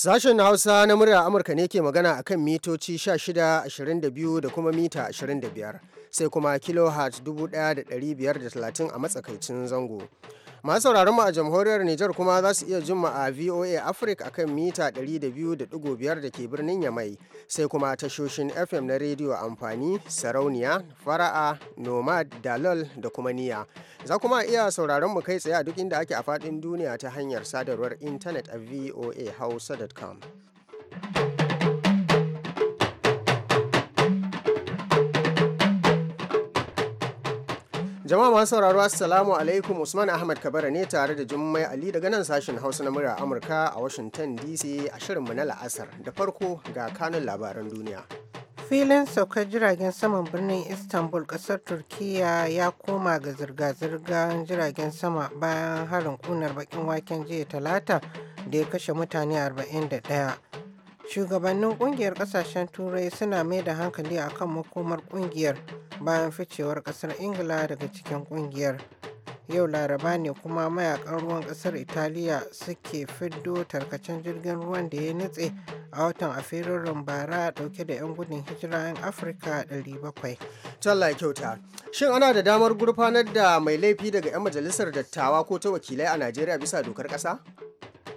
Sashen Hausa na murya Amurka ne ke magana a kan mitoci 16, 22 da kuma mita 25, sai kuma kilohertz 1530 a matsakaicin zango. masu sauraron mu a jamhuriyar Nijar kuma za su iya jin mu a VOA Africa akan mita 200.5 da ke birnin Yamai sai kuma tashoshin FM na rediyo amfani sarauniya fara'a nomad dalal da kuma niya za kuma iya sauraron mu kai tsaye a duk inda ake a faɗin duniya ta hanyar sadarwar intanet a voahausa.com. Jama'a masu sauraro Assalamu alaikum Usman Ahmad Kabara ne tare da Jummai Ali daga nan sashen Hausa na murya Amurka a Washington DC a shirinmu na la'asar da farko ga kanun labaran duniya. Filin saukar jiragen saman birnin Istanbul kasar turkiyya ya koma ga zirga-zirgar jiragen sama bayan harin kunar bakin waken jiya talata da ya kashe mutane 41. shugabannin kungiyar kasashen turai suna mai da hankali a kan makomar kungiyar bayan ficewar kasar ingila daga cikin kungiyar yau laraba ne kuma mayakan ruwan kasar italiya suke fiddo tarkacen jirgin ruwan da ya nutse a watan afirin bara dauke da 'yan gudun hijira 'yan afirka 700 talla kyauta shin ana da damar gurfanar da mai laifi daga 'yan majalisar dattawa ko ta wakilai a najeriya bisa dokar kasa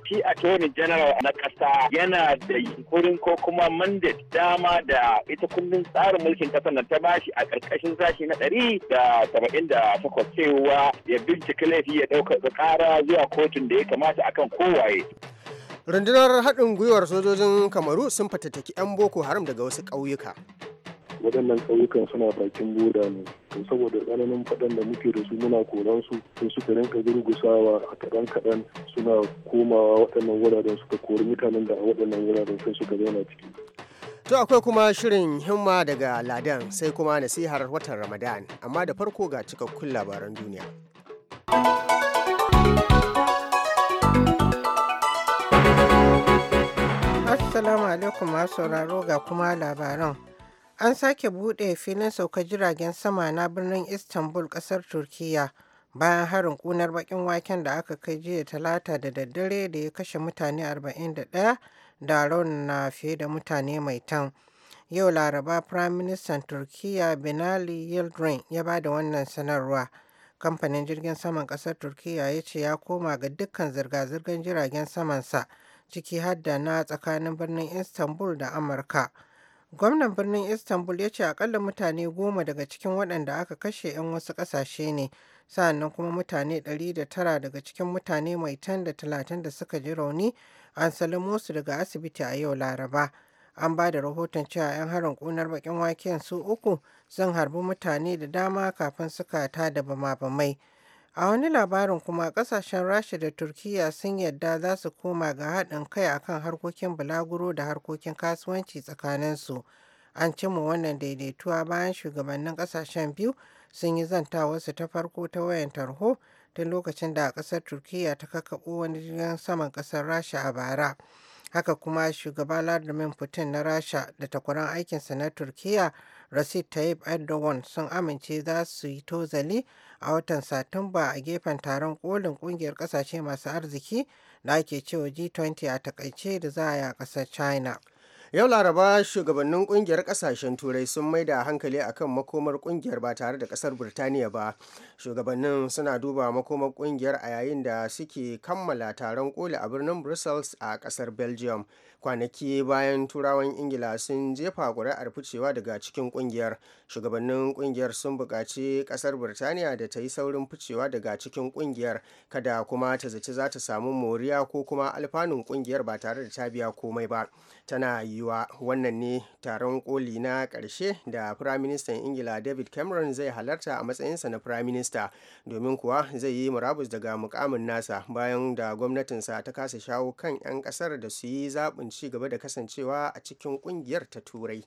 shi attorney general na ƙasa yana da yunkurin ko kuma mandate dama da ita kundin tsarin mulkin ƙasa nan ta bashi a karkashin sashi na ɗari da saba'in da takwas cewa ya bincika laifi ya ɗauka ƙara zuwa kotun da ya kamata akan kowaye. rundunar haɗin gwiwar sojojin kamaru sun fatattaki 'yan boko haram daga wasu ƙauyuka. waɗannan ƙauyukan suna bakin boda ne to saboda tsananin faɗan da muke da su muna koran su sai suka rinka gurgusawa a kaɗan kaɗan suna komawa waɗannan wuraren suka kori mutanen da a waɗannan wuraren sai suka zauna ciki To akwai kuma shirin himma daga Ladan sai kuma nasihar watan Ramadan, amma da farko ga cikakkun labaran duniya. Assalamu alaikum masu sauraro ga kuma labaran. An sake buɗe filin sauka jiragen sama na birnin Istanbul ƙasar Turkiyya bayan harin kunar baƙin waken da aka kai jiya talata da daddare da ya kashe mutane 41 da raunana fiye da mutane mai tan. Yau Laraba minister turkiya Binali Yildirim ya ba da wannan sanarwa. Kamfanin jirgin saman ƙasar Turkiyya ya ce ya koma ga dukkan zirga-zirgar jiragen samansa ciki har na tsakanin birnin Istanbul da Amurka. Gwamnan birnin Istanbul ya ce akalla mutane goma daga cikin waɗanda aka kashe 'yan wasu ƙasashe ne, sa'annan kuma mutane 109 daga cikin mutane mai tan da talatin da suka ji rauni an salamo su daga asibiti a yau Laraba. An ba da rahoton cewa 'yan harin ƙunar baƙin waken su uku sun harbi mutane da dama kafin suka tada bama-bamai. A wani labarin kuma, kasashen Rasha da Turkiyya sun yadda za su koma ga haɗin kai akan harkokin bulaguro da harkokin kasuwanci tsakaninsu. An cimma wannan daidaituwa bayan shugabannin kasashen biyu sun yi zantawarsu ta farko ta wayan tarho tun lokacin da a ƙasar Turkiyya ta kakkaɓo wani jirgin saman ƙasar Rasha a bara. haka kuma shugaba vladimir putin na rasha da takwaran aikinsa na turkiya Recep Tayyip Erdogan sun amince za su yi tozali a watan Satumba a gefen taron kolin kungiyar kasashe masu arziki da ake cewa G20 a takaice da za a yi a ƙasar China. yau laraba shugabannin kungiyar kasashen turai sun maida hankali akan makomar kungiyar ba tare da kasar birtaniya ba shugabannin suna duba makomar kungiyar a yayin da suke kammala taron koli a birnin brussels a kasar belgium kwanaki bayan turawan ingila sun jefa kuri'ar ficewa daga cikin kungiyar shugabannin kungiyar sun buƙaci ƙasar birtaniya da ta yi saurin ficewa daga cikin kungiyar kada kuma ta zaci za ta samu moriya ko kuma alfanun kungiyar ba tare da ta biya komai ba tana yiwa wannan ne taron koli na ƙarshe da firaministan ingila david cameron zai halarta a matsayinsa na firaminista domin kuwa zai yi murabus daga mukamin nasa bayan da gwamnatinsa ta kasa shawo kan 'yan ƙasar da su yi zaɓin ci gaba da kasancewa a cikin kungiyar ta turai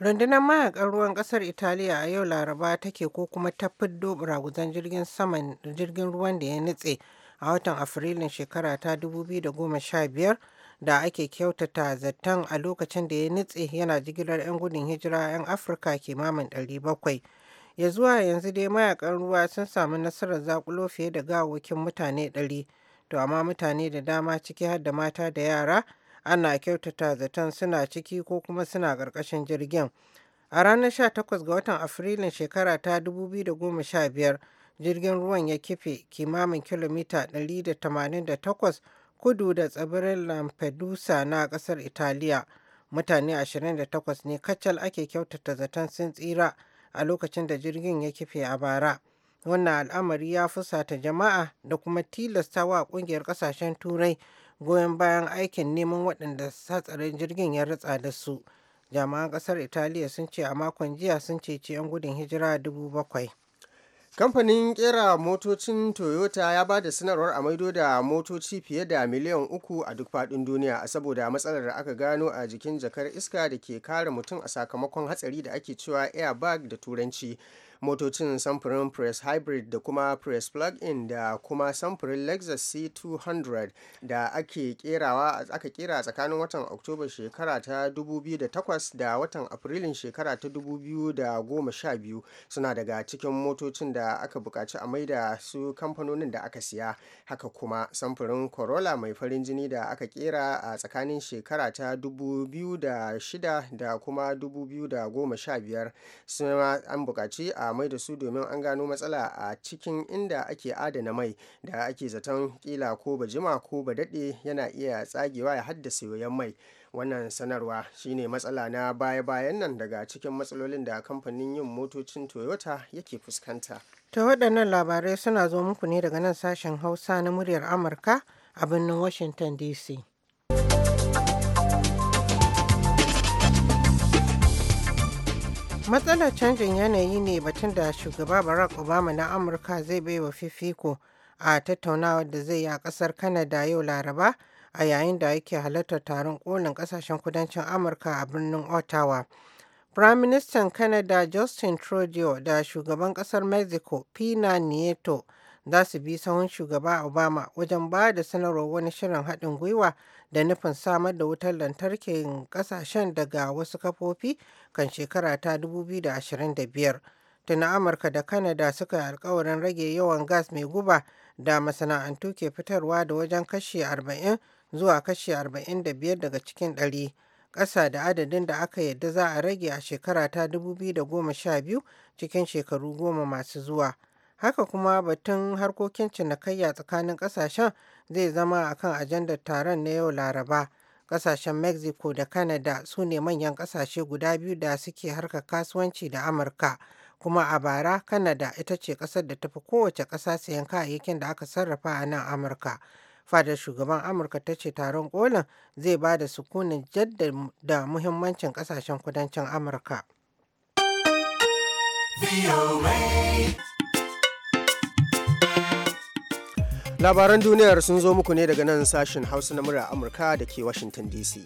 rundunar mayakan ruwan kasar italiya a yau laraba take ko kuma ta fiddo jirgin saman jirgin ruwan da ya nutse a watan afrilun shekara ta 2015 da ake kyautata zaton a lokacin da ya nutse yana jigilar 'yan gudun hijira 'yan afirka kimamin 700 ya zuwa yanzu dai mayakan ruwa sun samu nasarar zakulo fiye da gawakin mutane 100 to amma mutane da dama ciki har da mata da yara ana kyautata zaton suna ciki ko kuma suna ƙarƙashin jirgin a ranar 18 ga watan afrilun shekara ta 2015 jirgin ruwan ya kife kimamin kilomita 188 kudu da tsibirin lampedusa na ƙasar italiya mutane 28 ne kacal ake kyautata zaton sun tsira a lokacin da jirgin ya kife a bara wannan al'amari ya fusata jama'a da kuma tilasta wa ƙungiyar ƙasashen turai goyon bayan aikin neman waɗanda hatsarin jirgin ya ritsa da su jami'an ƙasar italiya sun ce a makon jiya sun ceci 'yan gudun hijira dubu bakwai kamfanin kera motocin toyota ya ba da sanarwar a maido da motoci fiye da miliyan uku a duk faɗin duniya saboda matsalar da aka gano a jikin jakar iska da ke kare mutum a sakamakon hatsari da ake cewa airbag da turanci motocin samfurin press hybrid da kuma press plug-in da kuma samfurin lexus c200 da ake kerawa aka kera tsakanin watan oktoba shekara ta 2008 da watan afrilun shekara ta 2012 suna daga cikin motocin da aka bukaci a maida su kamfanonin da aka siya haka kuma samfurin corolla mai farin jini da aka kera a tsakanin shekara ta 2006 da kuma 2015 suna an bukaci a mai da su domin an gano matsala a cikin inda ake adana mai da ake zaton kila ko ba jima ko ba daɗe yana iya tsagewa ya haddasa yoyon mai wannan sanarwa shine matsala na baya-bayan nan daga cikin matsalolin da kamfanin yin motocin toyota yake fuskanta ta waɗannan labarai suna zo muku ne daga nan sashen hausa na muryar amurka a birnin washington dc matsalar canjin yanayi ne batun da shugaba barack obama na amurka zai baiwa fifiko a tattaunawar da zai yi a kasar Kanada yau laraba a yayin da yake halartar taron kolin kasashen kudancin amurka a birnin ottawa prime minister canada justin trudeau da shugaban kasar mexico pina nieto za su bi sahun shugaba obama wajen ba da sanarwar wani shirin haɗin gwiwa da nufin samar da wutar lantarkin ƙasashen daga wasu kafofi kan shekara ta 2025 tuna amurka da Kanada suka yi alkawarin rage yawan gas mai guba da masana'antu ke fitarwa da wajen kashi 40 zuwa kashi 45 daga cikin ɗari. ƙasa da adadin da aka yadda za a rage a shekara ta 2012 cikin shekaru goma masu zuwa. Haka kuma batun harkokin cinikayya tsakanin kasashen zai zama a kan ajandar taron na yau Laraba. kasashen Mexico da Canada su ne manyan kasashe guda biyu da suke harka kasuwanci da Amurka. Kuma a bara, Canada ita ce ƙasar da tafi kowace ƙasa sayan kayayyakin da aka sarrafa a nan Amurka. Fadar shugaban Amurka ta ce taron kolin zai ba da sukunin jaddada muhimmancin kasashen kudancin Amurka. labaran duniyar sun zo muku ne daga nan sashen hausa na murya amurka da ke washington dc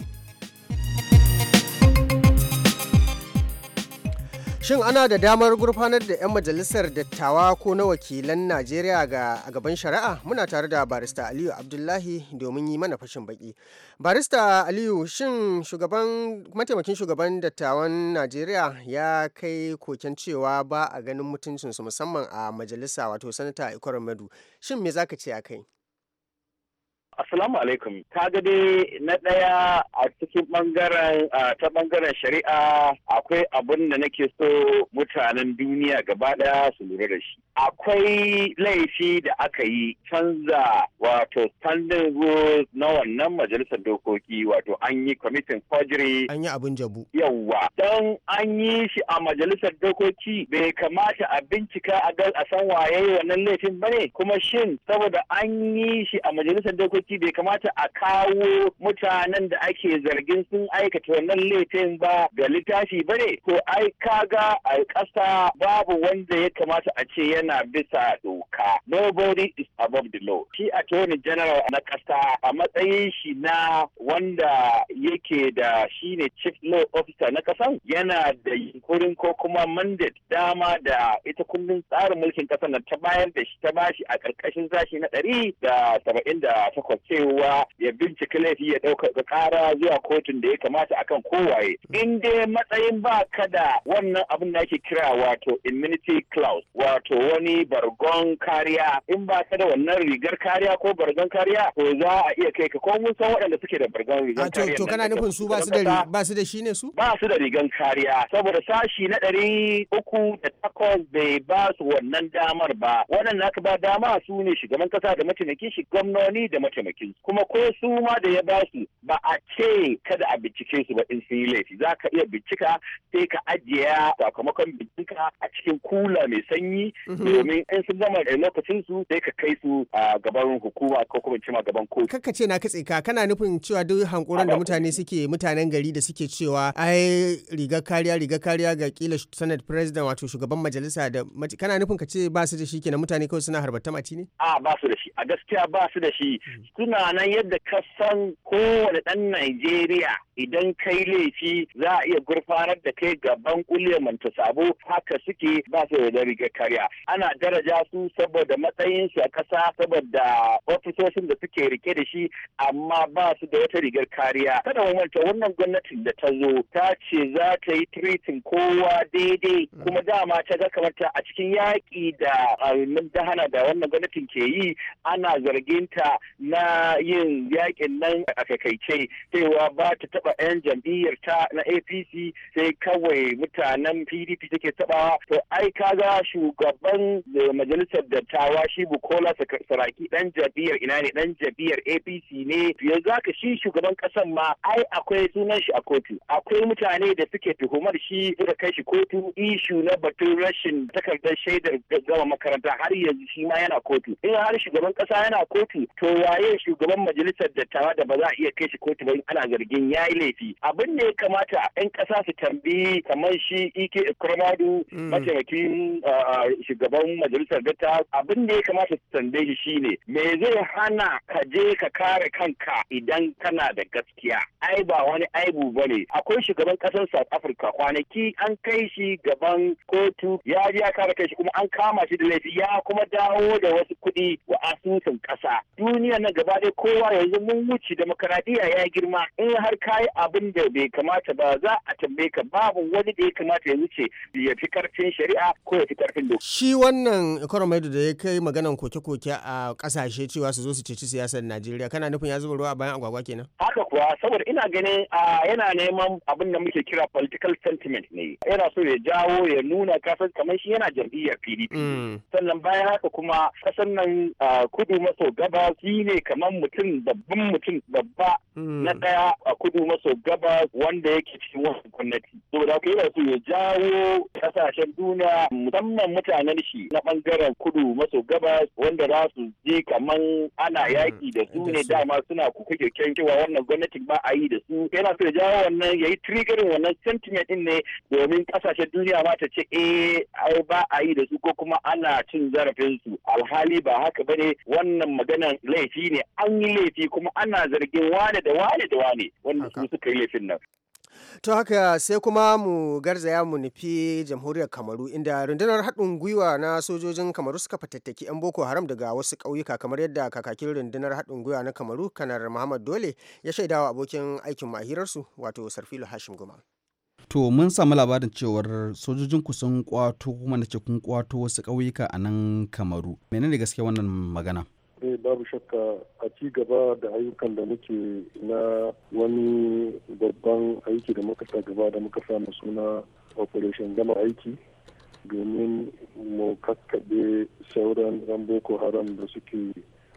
Shin ana da damar gurfanar da 'yan majalisar dattawa ko na wakilan Najeriya ga gaban shari'a? Muna tare da barista Aliyu Abdullahi domin yi mana fashin baki. Barista Aliyu, shin shugaban mataimakin shugaban dattawan Najeriya ya kai koken cewa ba a ganin mutuncinsu musamman a majalisa wato sanata Ikoro Madu. Shin me za ka ce a kai? Assalamu alaikum. Ka ga dai na ɗaya a cikin ɓangaren ta ɓangaren shari'a akwai abin da nake so mutanen duniya gaba ɗaya su lura da shi. Akwai laifi da aka yi canza wato standing rules na wannan majalisar dokoki wato an yi kwamitin forgery. An yi abin jabu. Yawwa. Don an yi shi a majalisar dokoki bai kamata a bincika a san waye wannan laifin ba ne? kuma shin saboda an yi shi a majalisar dokoki gwamnati bai kamata a kawo mutanen da ake zargin sun aikata wannan laifin ba ga littafi ba ne Ko ai kaga a ƙasa babu wanda ya kamata a ce yana bisa doka nobody is above the law shi attorney general na ƙasa a matsayin shi na wanda yake da shine chief law officer na ƙasan yana da yunkurin ko kuma mandate dama da ita kullum tsarin mulkin ƙasar na ta bayar da shi ta bashi a ƙarƙashin sashi na ɗari da saba'in da takwas masa cewa ya bincika laifi ya ɗauka ƙara zuwa kotun da ya kamata akan kowaye in dai matsayin ba ka da wannan abin da ake kira wato immunity clause wato wani bargon kariya in ba ka da wannan rigar kariya ko bargon kariya to za a iya kai ka ko mun san waɗanda suke da bargon rigar kariya to kana nufin su ba su da ba su da shi ne su ba su da rigar kariya saboda sashi na ɗari uku da takwas bai ba su wannan damar ba waɗanda aka ba dama su ne shugaban kasa da mataimakin shi gwamnoni da mataimakin mataimakin kuma ko su ma da ya ba su ba a ce kada a bincike su ba in sun yi laifi za ka iya bincika sai ka ajiye sakamakon bincika a cikin kula mai sanyi mhm. domin in sun gama lokacin su sai ka kai su a gaban hukuma ko kuma cima gaban kotu. Kaka ce na katse ka kana nufin cewa duk hankuran da mutane suke mutanen gari da suke cewa ai riga kariya riga kariya ga kila sanad president wato shugaban majalisa da kana nufin ka ce ba su da shi kenan mutane kawai suna harbata mace ne? A ba su da shi a gaskiya ba su da shi hmm. suna nan yadda ka san kowane ɗan Najeriya idan kai laifi za a iya gurfanar da kai ga kulle manta sabo haka suke ba su da rigar kariya ana daraja su saboda matsayin su a kasa saboda ofisoshin da suke rike da shi amma ba su da wata rigar kariya kada mu manta wannan gwamnatin da ta zo ta ce za ta yi treating kowa daidai kuma dama ta ga kamar ta a cikin yaƙi da dahana da wannan gwamnatin ke yi ana zarginta na yin yaƙin nan a kakaice cewa ba ta taba 'yan jam'iyyar ta na apc sai kawai mutanen pdp take taba to ai kaga shugaban eh, majalisar dattawa shi bukola saraki dan jam'iyyar ina ne dan jam'iyyar apc ne yanzu haka shi shugaban kasan ma ai akwai sunan shi a kotu akwai mutane da suke tuhumar shi suka kai shi kotu ishu na batun rashin takardar shaidar gama makaranta har yanzu shi ma yana kotu in har shugaban kasa yana kotu to waye shugaban majalisar dattawa da ba za a iya kai shi kotu ba ana zargin yayi laifi abin da ya kamata yan kasa su tambayi kamar shi ike ikramadu mm. mataimakin shugaban majalisar datta abin da ya kamata su tambaye shi shine me zai hana ka je ka kare kanka idan kana da gaskiya ai ba wani aibu ne akwai shugaban kasar south africa kwanaki an kai shi gaban kotu ya ya kare kai shi kuma an kama shi da laifi ya kuma dawo da wasu kuɗi wa asusun ƙasa duniya na gaba dai kowa yanzu mun wuce demokaradiyya ya girma in har ka yi abin da bai kamata ba za a tambaye ka babu wani da ya kamata ya wuce ya fi karfin shari'a ko ya fi karfin doka. Shi wannan Economist da ya kai maganan koke-koke a kasashe cewa su zo su ceci siyasar Najeriya kana nufin ya zuba ruwa a bayan agwagwa kenan. Haka kuwa saboda ina ganin yana neman abin da muke kira political sentiment ne yana so ya jawo ya nuna kasar kamar shi yana jam'iyyar PDP. Mm. Sannan bayan haka kuma kasar nan kudu maso gaba shi ne kamar mutum babban mutum babba mm. na ɗaya a kudu maso gabas wanda yake cikin wannan gwamnati saboda haka yana so ya jawo kasashen duniya musamman mutanen shi na bangaren kudu maso gabas wanda za su je kaman ana hmm, yaki da su ne dama suna kuka kyakkyan cewa wannan gwamnati ba a yi da su yana so ya jawo wannan ya yi triggering wannan sentiment din ne domin kasashen duniya ma ta ce eh ai ba a yi da su ko kuma ana cin zarafin su alhali ba haka ne wannan maganan laifi ne an yi laifi kuma ana zargin wane da wane da wane wanda su su suka yi laifin nan ta haka sai kuma mu garzaya mu nufi jamhuriyar kamaru inda rundunar haɗin gwiwa na sojojin kamaru suka fatattaki 'yan boko haram daga wasu ƙauyuka kamar yadda kakakin rundunar haɗin gwiwa na kamaru kanar muhammad dole ya shaidawa abokin aikin mahirarsu wato Sarfilu hashim guma to mun samu labarin cewar sojojin ku sun kwato kuma na ce kun kwato wasu ƙauyuka a nan kamaru menene gaske wannan magana eh babu shakka a ci gaba da ayyukan da muke na wani babban aiki da muka sa gaba da muka samu suna operation gama aiki domin mu kakkaɓe sauran yan boko haram da suke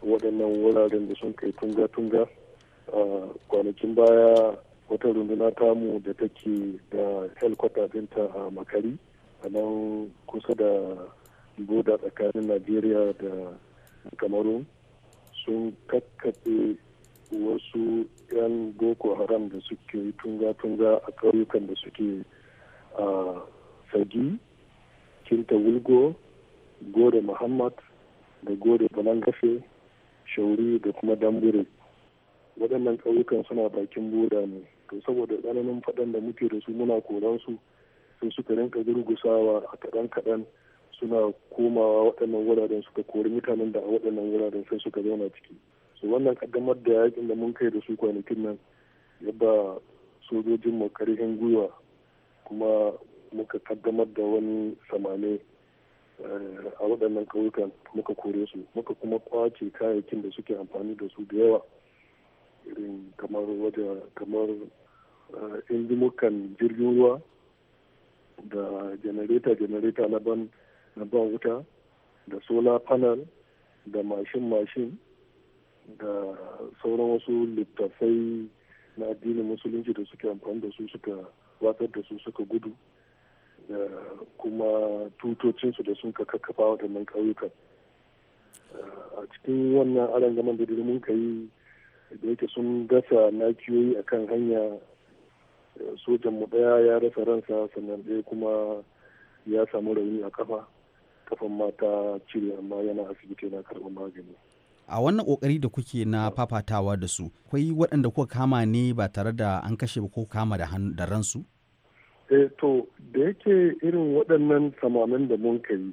waɗannan wuraren da sun kai tunga-tunga a kwanakin baya wata runduna tamu da take da helkwata dinta a makari a nan kusa da boda tsakanin najeriya da kamaru sun kakkafe wasu 'yan boko haram da suke tunga-tunga a ƙauyukan da suke a sagi kinta wulgo gode muhammad da gode balangafe shauri da kuma dambure waɗannan ƙauyukan suna bakin buda ne to saboda tsananin faɗan da muke da su muna koransu sai suka rinka gurgusawa a kaɗan-kaɗan suna komawa waɗannan wuraren suka kori mutanen da a waɗannan wuraren sai suka zauna ciki su wannan kaddamar da yakin da mun kai da su kwanakin nan ya ba sojojin mu karfin gwiwa kuma muka kaddamar da wani samane eh, a waɗannan ƙauyukan muka kore su muka kuma kwace kayayyakin da suke amfani da su da yawa irin kamar waje kamar eh, injimukan jirgin ruwa da janareta janareta na ban na ba wuta da solar panel da mashin-mashin da sauran wasu littattafai na addinin musulunci da suke amfani da su suka watsar da su suka gudu da kuma tutocinsu da sun kakkafa waɗannan ƙauyukan a cikin wannan aron zaman da mun ka yi da yake sun gasa nakiyoyi a kan hanya sojan mu ɗaya ya rasa ransa sannan ɗaya kuma ya samu rauni a kafa kafan mata cire amma yana asibiti yana karɓar magani a wannan kokari da kuke na fafatawa da su akwai waɗanda kuka kama ne ba tare da an kashe ba ko kama da ransu E to da yake irin waɗannan samanin da mun kai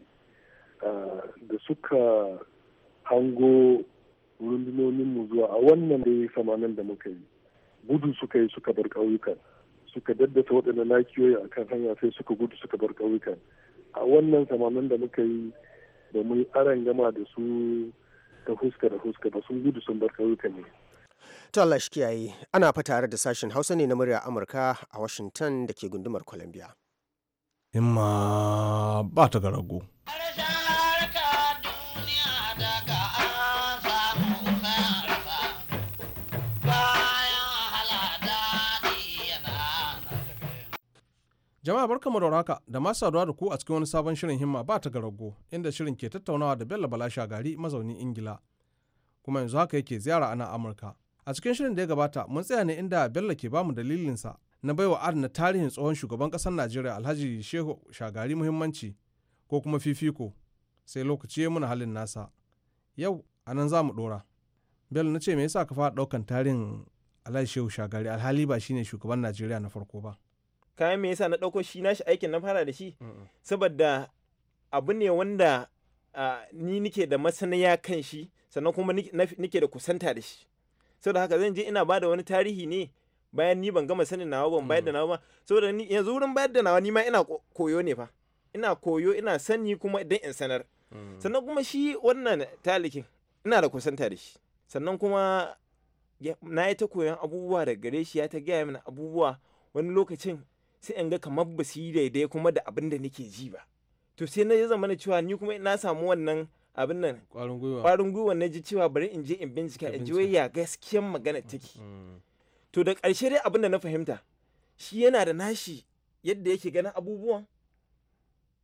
ah, da suka hango rundunoninmu zuwa a wannan da ya samanin da muka yi gudu suka yi suka bar ƙauyukan suka daddasa waɗannan lakiyoyi a kan hanya sai suka gudu suka bar ƙauyukan a wannan samanin da muka yi da mu yi aran gama da su da fuska da fuska ba sun gudu sun bar ƙauyuka ne. To Allah shi kiyaye ana fa tare da sashen Hausa ne na murya Amurka a Washington da ke gundumar Columbia. Imma ba ta ga rago. Jama'a barkamu da haka da masu saduwa da ku a cikin wani sabon shirin himma ba ta garago inda shirin ke tattaunawa da Bello Bala Shagari mazaunin Ingila kuma yanzu haka yake ziyara ana Amurka. A cikin shirin da ya gabata mun tsaya ne inda Bello ke bamu dalilinsa na bai wa adana tarihin tsohon shugaban ƙasar Najeriya Alhaji Shehu Shagari muhimmanci ko kuma fifiko sai lokaci ya muna halin nasa. Yau a nan za mu ɗora. Bello na ce me yasa ka fara ɗaukan tarihin Alhaji Shehu Shagari alhali ba shine shugaban Najeriya na farko ba. kayan me yasa na ɗauko shi na shi aikin na fara da shi saboda abu ne wanda ni nike da masaniya kan shi sannan kuma nike da kusanta da shi saboda haka zan je ina ba da wani tarihi ne bayan ni ban gama sanin nawa ban bayar da nawa ba saboda ni yanzu wurin bayar da nawa ni ma ina koyo ne fa ina koyo ina sani kuma idan in sanar mm. sannan kuma shi wannan talikin ina da kusanta da shi sannan kuma na yi ta koyon abubuwa da gare shi ya ta gaya mana abubuwa wani lokacin sai in ga kamar ba su yi daidai kuma da abin da nake ji ba to sai na zama na cewa ni kuma na samu wannan abin nan kwarin gwiwa na ji cewa bari in je in bincika in ji ya gaskiyan magana take mm. to da ƙarshe dai abin da na fahimta shi yana da nashi yadda yake ganin abubuwan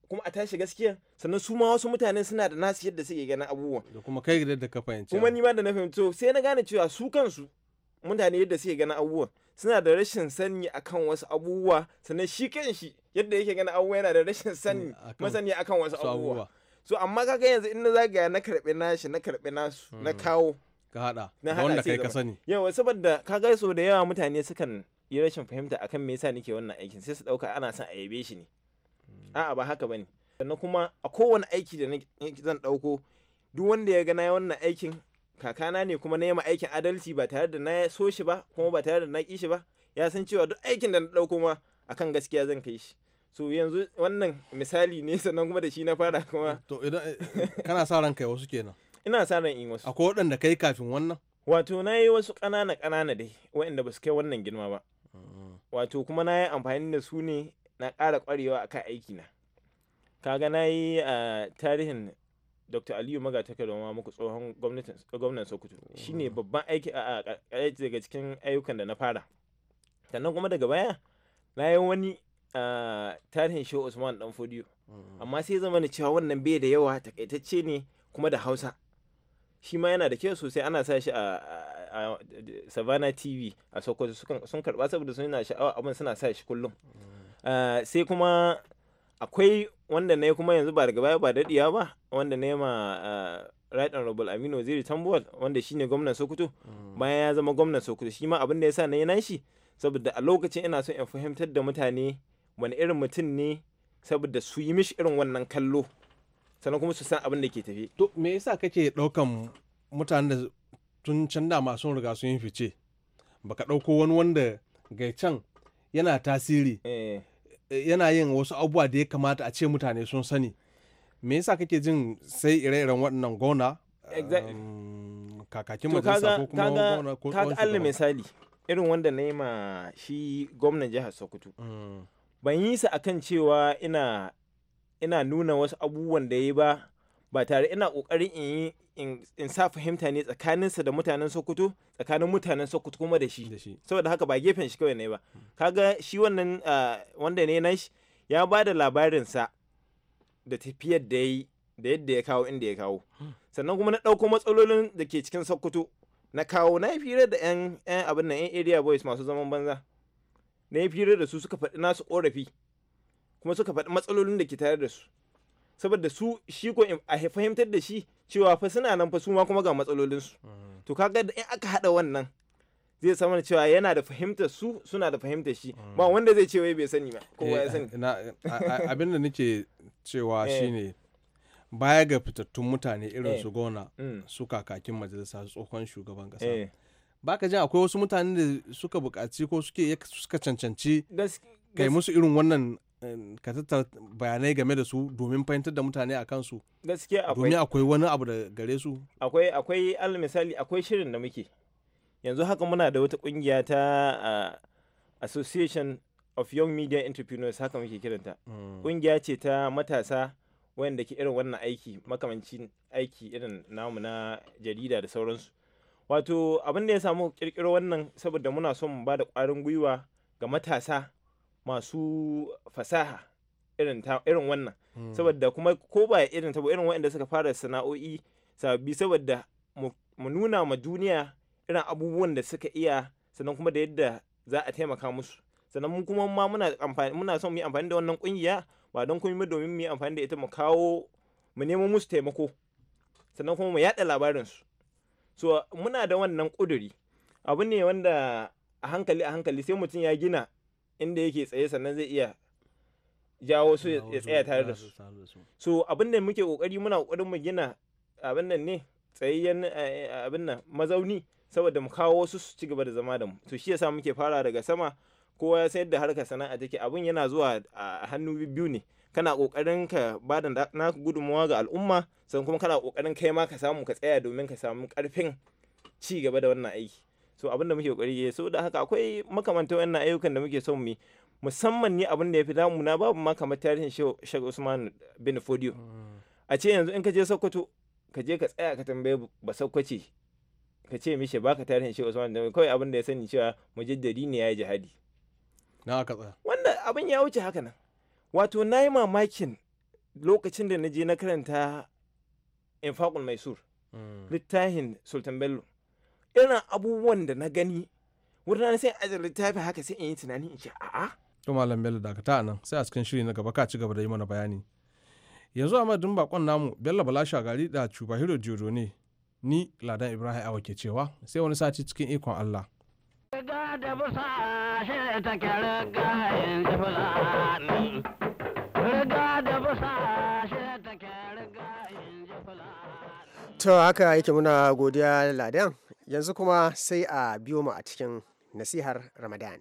kuma a tashi gaskiya sannan su ma wasu mutanen suna da nasu yadda suke ganin abubuwan da kuma kai da ka fahimci kuma ni ma da na fahimci sai na gane cewa su kansu mutane yadda suke gani abubuwan suna da rashin sani akan wasu abubuwa sannan shi kanshi yadda yake gani abubuwa yana da rashin sani mm, masani akan wasu abubuwa so amma kaga yanzu in na zagaya na karbe nashi na karbe nasu na mm. kawo ka hada na wanda kai ka sani yawa saboda kaga so da yawa mutane sukan yi rashin fahimta akan me yasa nake wannan aikin sai su dauka ana son a yabe shi ne mm. a'a ba haka bane sannan kuma a kowane aiki da zan dauko duk wanda ya gana wannan aikin kakana ne kuma na yi aikin adalci ba tare da na so shi ba kuma ba tare da na ki shi ba ya san cewa duk aikin da na ɗauko ma akan gaskiya zan kai shi so yanzu wannan misali ne sannan kuma da shi na fara kuma to idan eh, kana sa ran kai wasu kenan ina sa ran in wasu akwai waɗanda kai kafin wannan wato na yi wasu ƙanana ƙanana dai waɗanda ba su kai wannan girma ba mm. wato kuma na yi amfani da su ne na ƙara ƙwarewa akan aiki na kaga na yi a ah, tarihin dr aliyu magatakar ma muku tsohon gwamnan sokoto shi ne babban aiki a daga cikin ayyukan da na fara sannan kuma daga baya na yi wani tarihin shi usman dan fodiyo mm. amma sai zama na cewa wannan bai da yawa takaitacce ne kuma da hausa shi ma yana da kyau sosai ana sa shi a savana tv a sokoto sun karba saboda suna sha'awa abin suna sa shi kullum mm. sai kuma akwai wanda na kuma yanzu ba daga baya ba daɗiya ba wanda na ma eh, right honorable aminu waziri tambuwal wanda shine gwamnan sokoto mm. bayan ya zama gwamnan sokoto shi ma abin da ya sa na yi nashi saboda a lokacin ina so in fahimtar da mutane wani irin mutum ne saboda su yi mishi irin wannan kallo sannan kuma su san abin da ke tafi to me yasa kake daukan mutanen da tun can masu masu riga sun yi fice baka dauko wani wanda ga can yana tasiri eh. yana yin wasu abubuwa da ya kamata a ce mutane sun sani me yasa kake jin sai ire-iren waɗannan gona kakakin majalisa ko kuma gona ko kaga allah misali irin wanda na yi ma shi gwamnan jihar sokoto mm. ban yi sa akan cewa ina ina nuna wasu abubuwan da ya ba ba tare ina kokarin in yi in sa fahimta ne tsakaninsa da mutanen sokoto tsakanin mutanen sokoto kuma da shi saboda haka ba gefen shi kawai ne ba kaga shi wannan wanda ne na ya ba da labarinsa da tafiyar da yi da yadda ya kawo inda ya kawo sannan kuma na ɗauko matsalolin da ke cikin sokoto na kawo na yi fira da yan abin nan yan area boys masu zaman banza na yi fira da su suka faɗi nasu ƙorafi kuma suka faɗi matsalolin da ke tare da su saboda su shi ko a fahimtar da shi cewa fa suna nan fa su ma kuma ga matsalolin su mm. to kaga in aka hada wannan zai samu cewa yana da fahimtar su suna da fahimtar shi mm. ba wanda zai ce wai bai sani ba kowa ya eh, sani abin da nake cewa eh. shine baya ga fitattun mutane irin eh. su gona mm. su kakakin majalisa tsohon shugaban kasa baka jin akwai wasu mutanen da suka bukaci ko suke suka cancanci kai musu irin wannan ka tattara bayanai game da su domin fahimtar da mutane a kansu gaskiya akwai domin akwai wani abu da gare su akwai akwai al misali akwai shirin da muke yanzu haka muna da wata kungiya ta association of young media entrepreneurs haka muke kiranta kungiya mm. ce ta matasa wanda ke irin wannan aiki makamancin aiki irin namu na jarida da sauransu wato abin da ya samu kirkiro wannan saboda muna son mu ba da kwarin gwiwa ga matasa masu fasaha irin wannan hmm. saboda kuma ko ba irin ta irin waɗanda suka fara sana'o'i sabi saboda mu nuna ma duniya irin abubuwan da suka iya sannan kuma da yadda za a taimaka musu sannan mun kuma ma muna amfani muna son mu yi amfani da wannan kungiya ba don kuma domin mu yi amfani da ita mu kawo mu nemo musu taimako sannan kuma mu yada labarin su so muna da wannan ƙuduri abu ne wanda a hankali a hankali sai mutum ya gina inda yake tsaye sannan zai iya jawo su ya tsaya tare da su so abin da muke kokari muna kokarin mu gina abin nan ne tsayayyen eh, abin nan mazauni saboda mu kawo wasu su ci gaba da zama da mu to shi yasa muke fara daga sama kowa ya sayar da harkar sana'a take abin yana zuwa a hannu biyu ne kana kokarin ka ba da na gudunmawa ga al'umma sannan kuma kana kokarin kai ma ka samu ka tsaya domin ka samu karfin ci gaba da wannan aiki so abin da muke kokari ya so da haka akwai makamantan wannan ayyukan da muke son mu musamman ni abin da ya fi na babu ma kamar tarihin Sheikh Usman bin Fodio mm. a ce yanzu in ka je Sokoto ka je ka tsaya ka tambaye ba Sokoto ka ce mishi baka tarihin Sheikh Usman bin kawai abin da ya sani cewa mujaddadi ne yayi jihadi na aka tsaya wanda abin ya wuce haka nan wato nayi mamakin lokacin da na je na karanta infaqul maisur mm. littafin sultan bello irin abubuwan da na gani wurin sai a littafi haka sai in yi tunani in ce a'a to malam bello dakata nan sai a cikin shiri na gaba ka ci gaba da yi mana bayani yanzu a madadin bakon namu bello bala shagari da cubahiro jiro ne ni ladan ibrahim awa ke cewa sai wani sati cikin ikon allah da To haka yake muna godiya ladan. yanzu kuma sai a biyo mu a cikin nasihar ramadan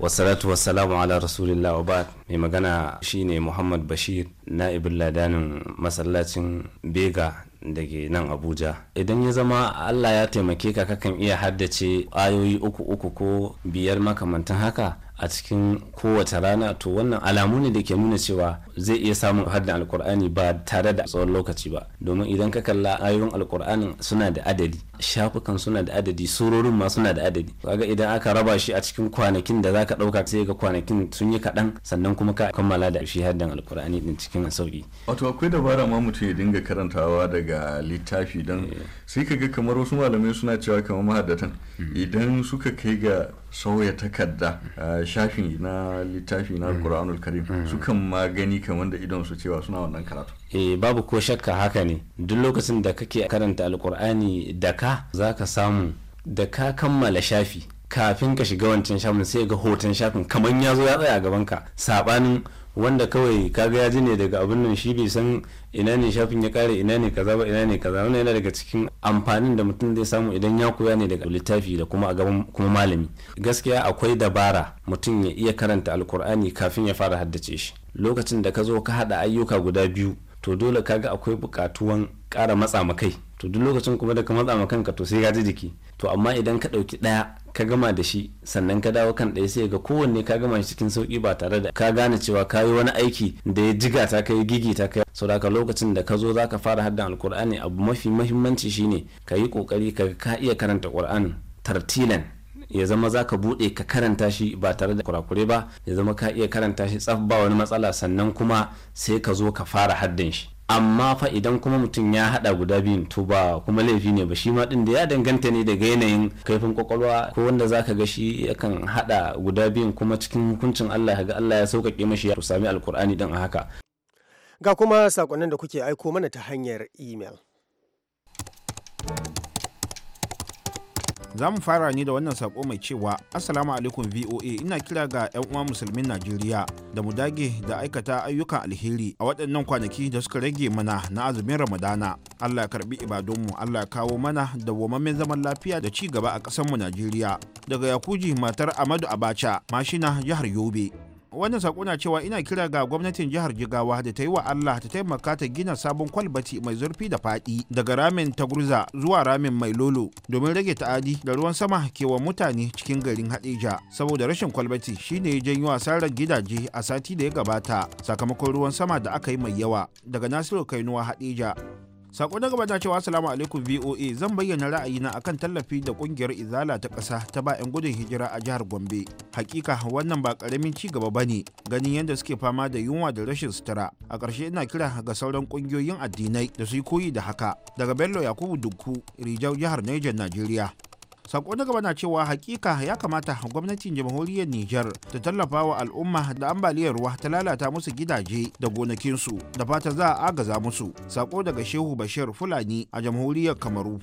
wasalatu wasalamu ala rasulillah wa ba'd mai magana shine muhammad bashir na'ibin ladanin masallacin bega da ke nan abuja idan ya zama allah ya taimake ka kakan iya haddace ayoyi uku uku ko biyar makamantan haka a cikin kowace rana to wannan alamu ne da ke nuna cewa zai iya samun haddin alkur'ani ba tare da tsawon lokaci ba domin idan ka kalla ayoyin alkur'anin suna da adadi shafukan suna da adadi surorin ma suna da adadi kaga idan aka raba shi a cikin kwanakin da zaka dauka sai ga kwanakin sun yi kaɗan sannan kuma ka kammala da shi haddan alkur'ani din cikin sauki wato akwai dabara ma mutum ya dinga karantawa daga littafi don eh. sai kaga kamar wasu malamai suna cewa kamar mahaddatan hmm. idan suka kai ga sauya takarda shafin na littafi na hmm. alkur'anul karim hmm. sukan ma gani kamar da idon su cewa suna wannan karatu eh babu ko shakka haka ne duk lokacin da kake karanta alkur'ani da ka ka za ka samu da ka kammala shafi kafin ka shiga wancan shafin sai ga hoton shafin kamar ya zo ya tsaya a gaban ka sabanin wanda kawai kaga ya ji ne daga abin nan shi bai san ina ne shafin ya kare ina ne kaza ba ina ne kaza wannan yana daga cikin amfanin da mutum zai samu idan ya koya ne daga littafi da kuma a gaban kuma malami gaskiya akwai dabara mutum ya iya karanta alkur'ani kafin ya fara haddace shi lokacin da ka zo ka hada ayyuka guda biyu to dole kaga akwai bukatuwan kara matsa ma kai to duk lokacin kuma da ka matsa ma kanka to sai ka ji jiki to amma idan ka ɗauki ɗaya ka gama da shi sannan ka dawo kan ɗaya sai ga kowanne ka gama shi cikin sauki ba tare da ka gane cewa ka yi wani aiki da ya jiga ta kai gigi ta kai sau daga lokacin da ka zo za ka fara haddan alkur'ani abu mafi mahimmanci shine ka yi kokari ka ka iya karanta ƙur'ani tartilan ya zama za ka buɗe ka karanta shi ba tare da kurakure ba ya zama ka iya karanta shi tsaf ba wani matsala sannan kuma sai ka zo ka fara haddin shi amma fa idan kuma mutum ya hada guda biyun to ba kuma laifi ne ba shi ma din da ya danganta ne daga yanayin kaifin kwakwalwa ko wanda zaka ga shi yakan hada guda biyun kuma cikin hukuncin Allah ga Allah ya sauƙaƙe mashi ya sami alkur'ani din a haka ga kuma sakonnin da kuke aiko mana ta hanyar email za mu fara ne da wannan sako mai cewa assalamu alaikum voa ina kira ga 'yan uwa musulmin najeriya da mu dage da aikata ayyukan alheri a waɗannan kwanaki da suka rage mana na azumin ramadana allah ya karbi ibadunmu allah ya kawo mana da dawwammamin zaman lafiya da ci gaba a ƙasarmu najeriya daga yakuji matar amadu abacha mashina jihar yobe wannan sako na cewa ina kira ga gwamnatin jihar jigawa da ta yi wa allah ta taimaka ta gina sabon kwalbati mai zurfi da fadi daga ramin tagurza zuwa ramin mai lolo domin rage ta'adi da ruwan sama ke wa mutane cikin garin hadeja saboda rashin kwalbati shine ya janyo asarar gidaje a sati da ya gabata sakamakon ruwan sama da aka yi mai yawa daga nasiru kainuwa hadeja Sako na gaba na cewa Assalamu alaikum VOA zan bayyana ra'ayina akan tallafi da kungiyar Izala ta ƙasa ta bayan gudun hijira a jihar Gombe. Hakika wannan ba ƙaramin ci gaba ba ne ganin yadda suke fama da yunwa da rashin sutura. A ƙarshe ina kira ga sauran kungiyoyin addinai da su yi koyi da haka. Daga Bello Yakubu Dukku, Rijau jihar Niger, Najeriya. sako na gaba na cewa hakika ya kamata gwamnatin jamhuriyar Nijar ta tallafa wa al'umma da ambaliyar ruwa ta lalata musu gidaje da gonakinsu da fata za a agaza musu sako daga shehu bashir fulani a jamhuriyar kamaru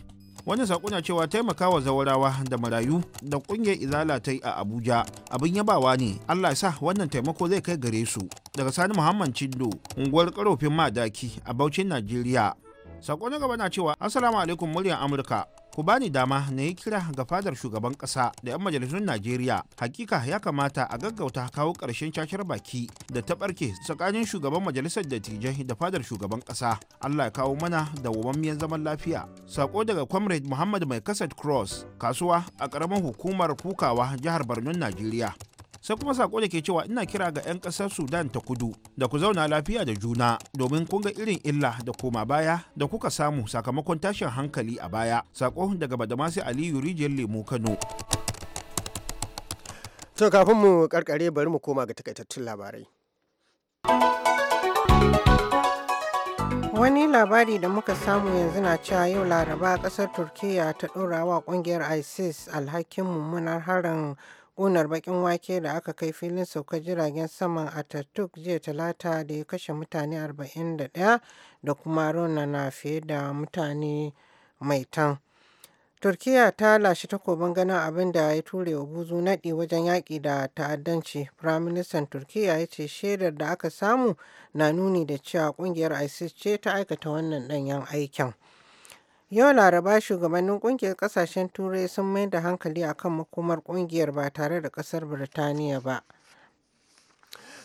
wani sako na cewa taimakawa zawarawa da marayu da kungiyar izalatai a abuja abin yabawa ne allah sa wannan taimako zai kai gare su daga sani muhammad cindo unguwar karofin madaki a baucin najeriya sako na gaba na cewa assalamu alaikum muryar amurka ku bani dama na yi kira ga fadar shugaban kasa da 'yan majalisun najeriya hakika ya kamata a gaggauta kawo ƙarshen cacar baki da ta ɓarke tsakanin shugaban majalisar dattijai da fadar shugaban kasa allah ya kawo mana da wamammiyar zaman lafiya sako daga comrade muhammad mai kasat cross kasuwa a ƙaramin hukumar kukawa jihar barnon najeriya sai kuma sako da ke cewa ina kira ga 'yan ƙasar sudan ta kudu da ku zauna lafiya da juna domin kun ga irin illa da koma baya da kuka samu sakamakon tashin hankali a baya sako daga badamasi aliyu rijiyar lemu kano to kafin mu karkare bari mu koma ga takaitattun labarai wani labari da muka samu yanzu na cewa yau laraba kasar turkiya ta ɗora wa ƙungiyar isis alhakin mummunar harin ƙunar bakin wake da aka kai filin saukar jiragen saman tartuk jiya talata da ya kashe mutane 41 da kuma na fiye da mutane mai tan. Turkiya ta lashe takobin ganin abin da ya ture wa buzu naɗi wajen yaƙi da ta'addanci. Firaministan Turkiya ya ce shaidar da aka samu na nuni da cewa ƙungiyar ISIS ce ta aikata wannan ɗanyen aikin. Yau Laraba shugabannin kungiyar kasashen Turai sun mayar da hankali akan makomar kungiyar ba tare da kasar Birtaniya ba.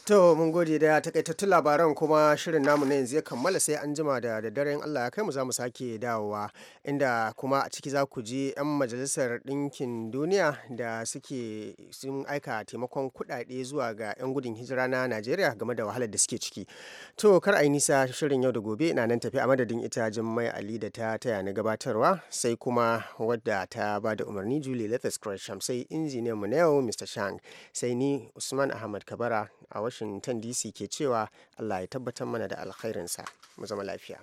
To mun gode da takaitattun labaran kuma shirin namu ne yanzu ya kammala sai an jima da daddare Allah ya kai mu za mu sake dawowa inda kuma a ciki za ku ji 'yan majalisar ɗinkin duniya da suke sun aika taimakon kuɗaɗe zuwa ga 'yan gudun hijira na Najeriya game da wahalar da suke ciki. To kar a yi nisa shirin yau da gobe na nan tafi a madadin ita Jummai Ali da ta taya ni gabatarwa sai kuma wadda ta ba da umarni Julie Lethes Gresham sai injiniyan mu na yau Mr. Shang sai ni Usman Ahmad Kabara a washington dc ke cewa allah ya tabbatar mana da alkhairinsa mu zama lafiya